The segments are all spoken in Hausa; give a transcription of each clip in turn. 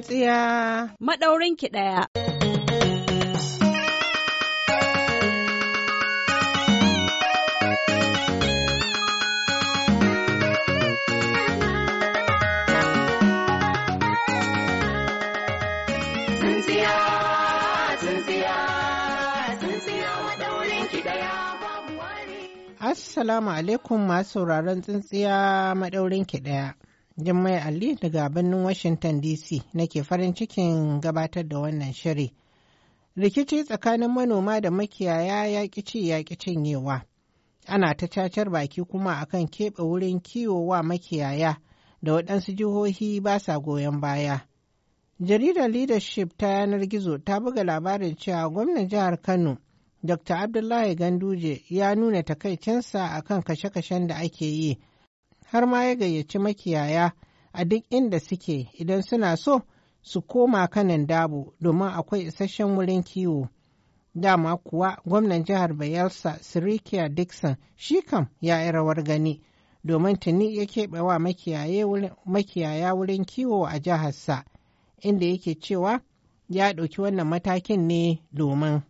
tsintsiya madaurin ki daya. Assalamu alaikum masu sauraron tsintsiya maɗaurin ki ɗaya. Jummai Ali daga birnin Washington DC nake farin cikin gabatar da wannan shiri. Rikici tsakanin manoma da makiyaya ya ci ya cinyewa. Ana ta cacar baki kuma akan keɓe wurin kiwo wa makiyaya da waɗansu jihohi ba sa goyon baya. Jaridar Leadership ta yanar gizo ta buga labarin cewa gwamnan jihar Kano, Dr. Abdullahi Ganduje ya nuna takaicinsa akan kashe-kashen da ake yi. har ma ya gayyaci makiyaya a duk inda suke idan suna so su koma kanan dabu domin akwai isasshen wurin kiwo. Dama kuwa gwamnan jihar Bayelsa Sirikiya Dixon shi kam ya yi rawar gani domin tuni ya keɓe wa makiyaya wurin kiwo a jiharsa inda yake cewa ya ɗauki wannan matakin ne domin.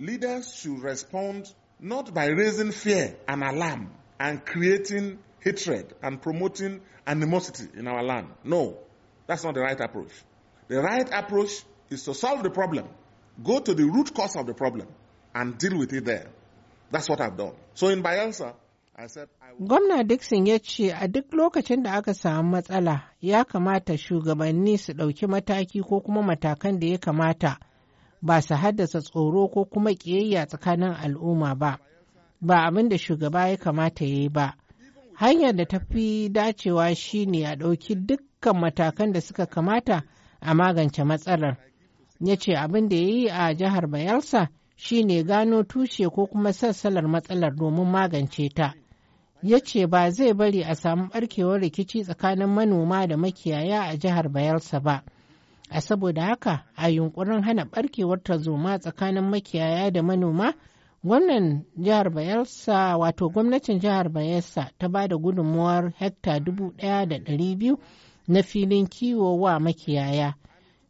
Leaders should respond not by raising fear and alarm and creating hatred and promoting animosity in our land. No, that's not the right approach. The right approach is to solve the problem, go to the root cause of the problem, and deal with it there. That's what I've done. So in Bayelsa, Gwamna Dixon ya ce a duk lokacin da aka samu matsala ya kamata shugabanni su ɗauki mataki ko kuma matakan da ya kamata ba su haddasa tsoro ko kuma ƙiyayya tsakanin al'umma ba, ba abin da shugaba ya kamata ya yi ba. hanyar da ta fi dacewa shine a ɗauki dukkan matakan da suka kamata a magance matsalar ya ce abin da ya yi a jihar bayelsa shine gano tushe ko kuma sassalar matsalar domin magance ta ya ce ba zai bari a samu barkewar rikici tsakanin manoma da makiyaya a jihar bayelsa ba a saboda haka a yunkurin hana barkewar tarzoma tsakanin makiyaya da manoma Gwamnan jihar Bayelsa wato gwamnatin jihar Bayelsa ta ba da gudunmuwar hekta 1,200 na filin kiwo wa makiyaya.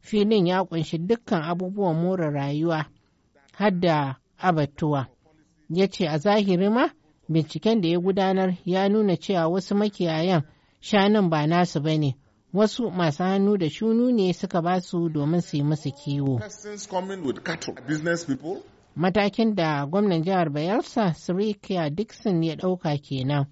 Filin ya ƙunshi dukkan abubuwan more rayuwa har da abatuwa. Ya ce a zahiri ma binciken da ya gudanar ya nuna cewa wasu makiyayan shanun ba nasu ba ne. wasu masu hannu da shunu ne suka ba su domin su yi musu kiwo. matakin da gwamnan jihar bayelsa sirikiya dixon ya ɗauka kenan.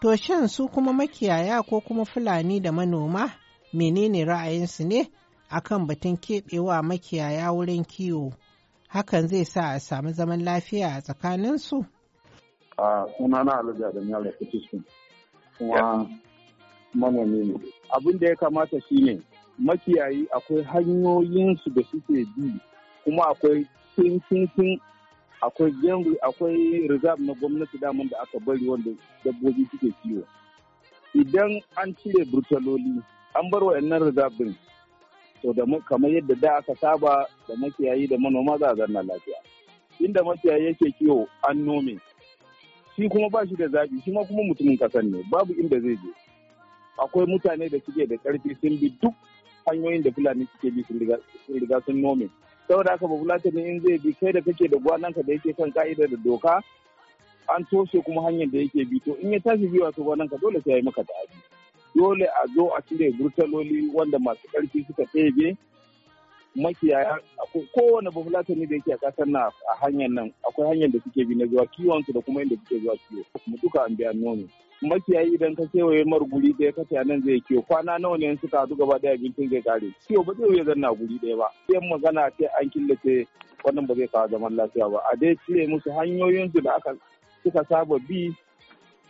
To shan su kuma makiyaya ko kuma Fulani da manoma menene ra'ayinsu ne akan batun keɓewa makiyaya wurin kiwo. Hakan zai sa a samu zaman lafiya a tsakaninsu? A sunana da Yara Kutuskun kuma manomi ne. Abin da ya kamata ne makiyayi akwai hanyoyinsu da suke bi kuma akwai tun akwai gengu akwai reserve na gwamnati daman da aka bari wanda dabbobi suke kiwo idan an cire burtaloli an bar wa'annan reserve din to da kamar yadda da aka saba da makiyayi da manoma za a zanna lafiya inda makiyayi yake kiwo an nome shi kuma ba shi da zabi shi ma kuma mutumin kasan ne babu inda zai je akwai mutane da suke da karfi sun bi duk hanyoyin da fulani suke bi sun riga sun nome saboda haka ba ne in zai bi kai da kake da gwanan ka da yake kan ka'ida da doka an toshe kuma hanyar da yake bi to in ya tashi biyu gwanan ka dole sai ya yi maka ta'adi dole a zo a cire burtaloli wanda masu ƙarfi suka ɗebe makiyaya kowane bafulatani da yake a kasar na a hanyar nan akwai hanyar da suke bi na zuwa kiwon su da kuma inda suke zuwa kiwo kuma duka an biya nono makiyayi idan ka kewaye mar guri ɗaya ka a nan zai kiwo kwana nawa ne suka haɗu gaba ɗaya abincin zai kare kiwo ba zai zanna guri ɗaya ba sai magana ce an killace wannan ba zai kawo zaman lafiya ba a dai cire musu hanyoyinsu da aka suka saba bi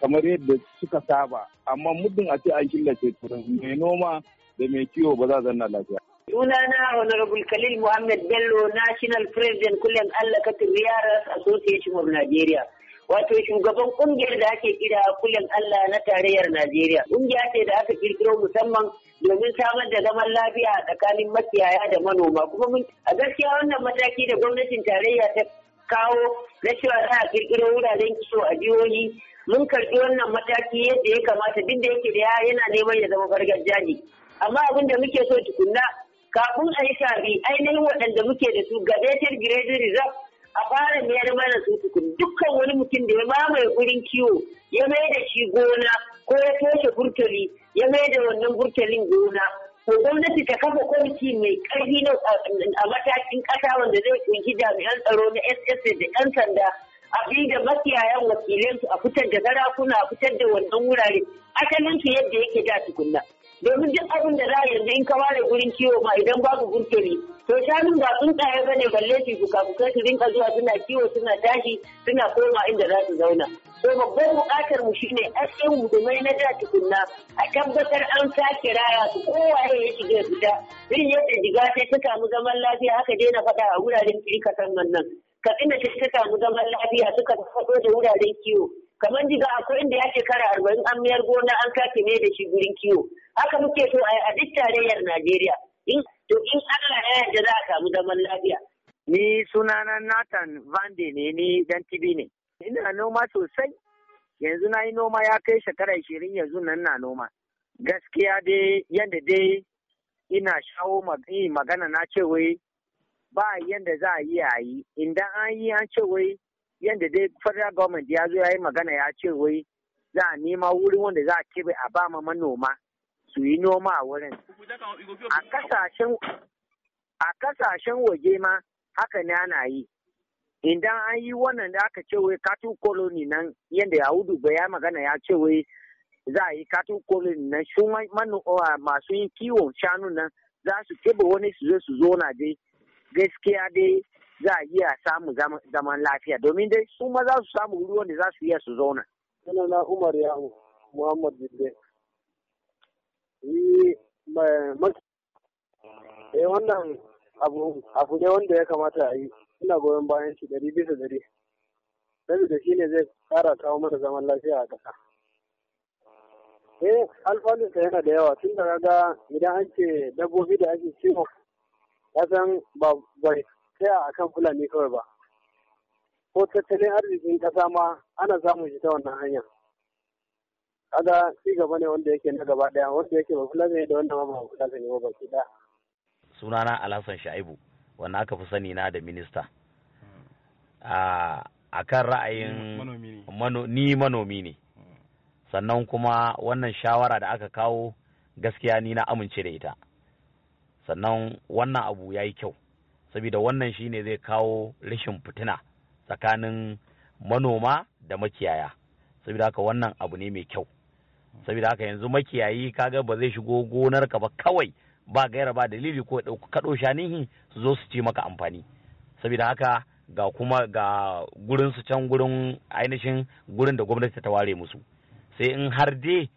kamar yadda suka saba amma muddin a ce an killace mai noma da mai kiwo ba za zanna lafiya Sunana Honorable Khalil Muhammad Bello National President kullum Allah ka Riyaras Association of Nigeria. Wato shugaban kungiyar da ake kira kullum Allah na tarayyar Najeriya. Kungiya ce da aka kirkiro musamman domin samar da zaman lafiya tsakanin makiyaya da manoma. Kuma mun a gaskiya wannan mataki da gwamnatin tarayya ta kawo na cewa za a kirkiro wuraren kiso a jihohi mun karɓi wannan mataki yadda ya kamata duk da yake da yana neman ya zama gargajiya ne. Amma abin da muke so tukunna kafin a yi shafi ainihin waɗanda muke da su gabatar grade reserve a fara mayar mana su tukun dukkan wani mutum da ya mamaye gurin kiwo ya mai da shi gona ko ya toshe burtali ya mai da wannan burtalin gona ko gwamnati ta kafa kwamiti mai ƙarfi na a matakin ƙasa wanda zai kunshi jami'an tsaro na ss da ƴan sanda a bi da makiyayan wakilansu a fitar da sarakuna a fitar da wannan wurare asalin su yadda yake da tukunna. domin duk abin da za a yanzu in ka ware gurin kiwo ma idan babu burtali to shanun ba tsuntsaye bane balle su fuka-fukai su rinka zuwa suna kiwo suna tashi suna koma inda za su zauna to babban buƙatar mu shine asken gudumai na da tukunna a tabbatar an sake raya su kowaye ya shiga fita irin yadda jiga sai ta samu zaman lafiya haka daina faɗa a wuraren kasan nan katsina sai ta samu zaman lafiya suka faɗo da wuraren kiwo kamar diga akwai inda ya shekara arba'in an mayar gona an sake ne da shi gurin kiwo haka muke so a yi a duk tarayyar najeriya in to in allah ya yarda za a samu zaman lafiya. ni sunana nathan vande ne ni dan tibi ne ina noma sosai yanzu na yi noma ya kai shekara ashirin yanzu nan na noma gaskiya dai yadda dai ina shawo magana na cewai ba yadda za a yi a yi idan an yi an cewai. yadda dai federal government ya zo ya yi magana ya ce wai za a nema wurin wanda za a kebe a ba ma manoma su yi noma a wurin a kasashen waje ma haka ne ana yi idan an yi wannan da aka ce wai katu koloni nan yadda yahudu bai ya magana ya ce wai za a yi katu koloni nan su masu yin kiwon shanu nan za su kebe wani su zo su zo na dai gaskiya dai za a iya samu zaman lafiya domin dai su ma za su samu ruwan da za su iya su zauna. Suna na Umar Yahu Muhammad Jibbe. mai Eh wannan abu abu ne wanda ya kamata a yi ina goyon bayan shi dari bisa dari. Saboda shi ne zai kara kawo mana zaman lafiya a ƙasa. Eh alfanunsa yana da yawa tun da ga idan an ce dabbobi da ake ciwo kasan ba bai tsaya a kan Fulani kawai ba. Ko tattalin arzikin kasa ma ana samun shi ta wannan hanya. Kaga ci gaba ne wanda yake na gaba daya wanda yake ba Fulani da wanda ma ba Fulani ne ba baki Sunana Alhassan Sha'ibu wanda aka fi sani na da minista. A kan ra'ayin ni manomi ne. Sannan kuma wannan shawara da aka kawo gaskiya ni na amince da ita. Sannan wannan abu ya yi kyau. saboda wannan shine zai kawo rashin fitina tsakanin manoma da makiyaya saboda haka wannan abu ne mai kyau saboda haka yanzu makiyayi kaga ba zai shigo gonar ka ba kawai ba gaira ba dalili ko kaɗo shanihi su zo su ci maka amfani saboda haka ga kuma ga gurin su can gurin ainihin gurin da gwamnati ta ware musu sai in har dai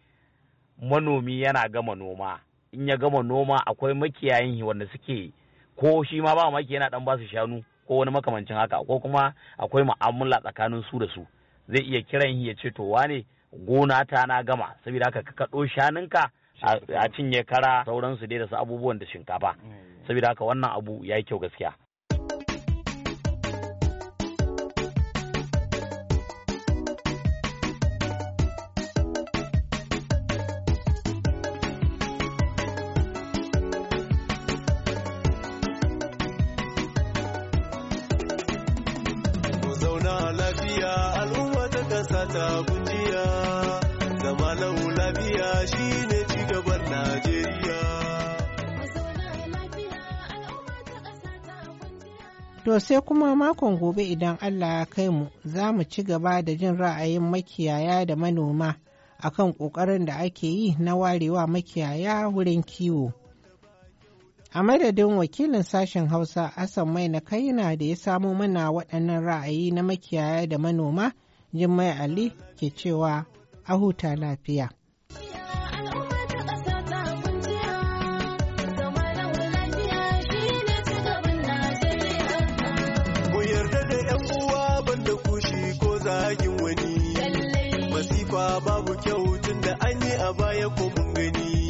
manomi yana gama noma in ya gama noma akwai makiyayin wanda suke ko shi ma ba maki yana dan basu shanu ko wani makamancin haka ko kuma akwai mu'amala tsakanin su da su zai iya kiran shi ya ce to wane gona ta na gama saboda haka ka kaɗo shanunka a cinye kara sauransu dai da su abubuwan da shinkafa mm. saboda haka wannan abu yayi kyau gaskiya lafiya al'umma ta kasa ta kujiya zama lau lafiya shine cigaban najeriya To sai kuma makon gobe idan Allah ya kai mu za mu ci gaba da jin ra'ayin makiyaya da manoma akan ƙoƙarin da ake yi na warewa makiyaya wurin kiwo. A madadin wakilin sashen Hausa Hassan Mai na kaina da ya samo mana waɗannan ra'ayi na makiyaya da manoma, Jummai Ali ke cewa a huta lafiya. babu kyau tun da an yi a baya ko mun gani.